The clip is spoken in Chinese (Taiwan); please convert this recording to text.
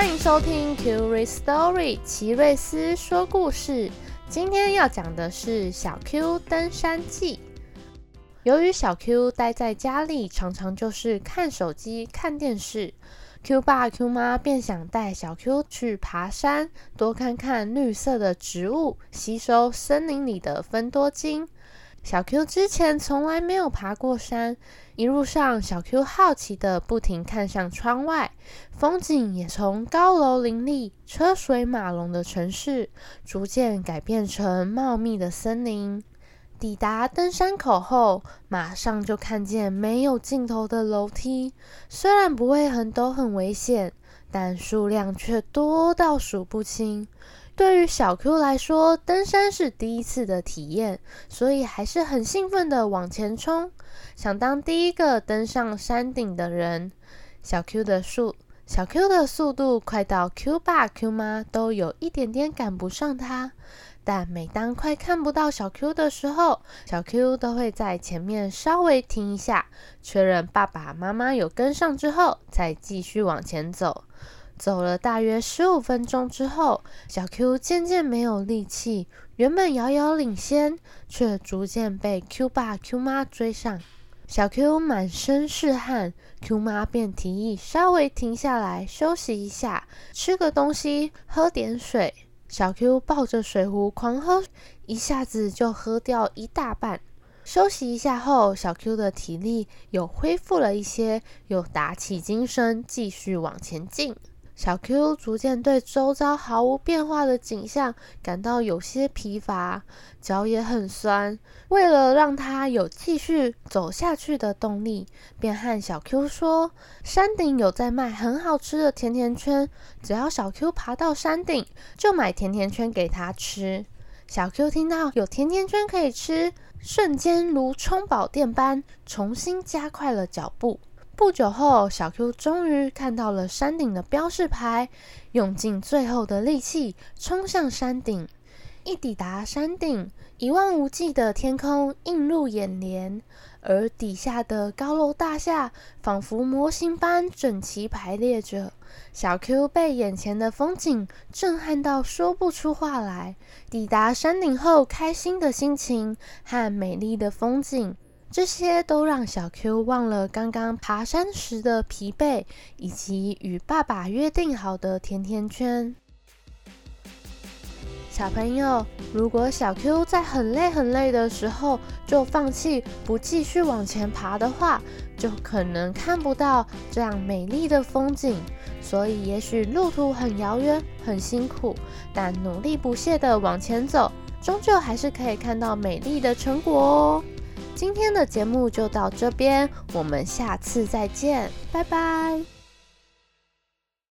歡迎收聽 Curious Story 奇瑞斯說故事。今天要講的是小 Q 登山記。由於小 Q 待在家裡，常常就是看手機、看電視，Q 爸 Q 媽便想帶小 Q 去爬山，多看看綠色的植物，吸收森林裡的芬多精。小 Q 之前從來沒有爬過山，一路上小 Q 好奇的不停看向窗外，風景也從高樓林立、車水馬龍的城市，逐漸改變成茂密的森林。抵達登山口後，馬上就看見沒有盡頭的樓梯，雖然不會很陡很危險，但數量卻多到數不清。對於小 Q 來說，登山是第一次的體驗，所以還是很興奮地往前衝，想當第一個登上山頂的人。小 Q 的速小 Q 的速度快到 Q 爸 Q 媽都有一點點趕不上他。但每當快看不到小 Q 的時候，小 Q 都會在前面稍微停一下，確認爸爸媽媽有跟上之後，再繼續往前走。走了大約十五分鐘之後，小 Q 漸漸沒有力氣。原本遙遙領先，卻逐漸被 Q 爸、Q 媽追上。小 Q 滿身是汗，Q 媽便提議稍微停下來休息一下，吃個東西，喝點水。小 Q 抱着水壺狂喝，一下子就喝掉一大半。休息一下後，小 Q 的體力又恢復了一些，又打起精神繼續往前進。小 Q 逐漸對周遭毫無變化的景象感到有些疲乏，腳也很酸。為了讓他有繼續走下去的動力，便和小 Q 說：“山頂有在賣很好吃的甜甜圈，只要小 Q 爬到山頂，就買甜甜圈給他吃。”小 Q 聽到有甜甜圈可以吃，瞬間如充飽電般，重新加快了腳步。不久後，小 Q 終於看到了山頂的標示牌，用盡最後的力氣衝向山頂。一抵達山頂，一望無際的天空映入眼簾，而底下的高樓大廈仿佛模型般整齊排列着。小 Q 被眼前的風景震撼到說不出話來。抵達山頂後，開心的心情和美麗的風景。這些都讓小 Q 忘了剛剛爬山時的疲憊，以及與爸爸約定好的甜甜圈。小朋友，如果小 Q 在很累很累的時候就放棄，不繼續往前爬的話，就可能看不到這樣美麗的風景。所以，也許路途很遙遠，很辛苦，但努力不懈地往前走，終究還是可以看到美麗的成果哦。今天的節目就到這邊，我們下次再見，拜拜。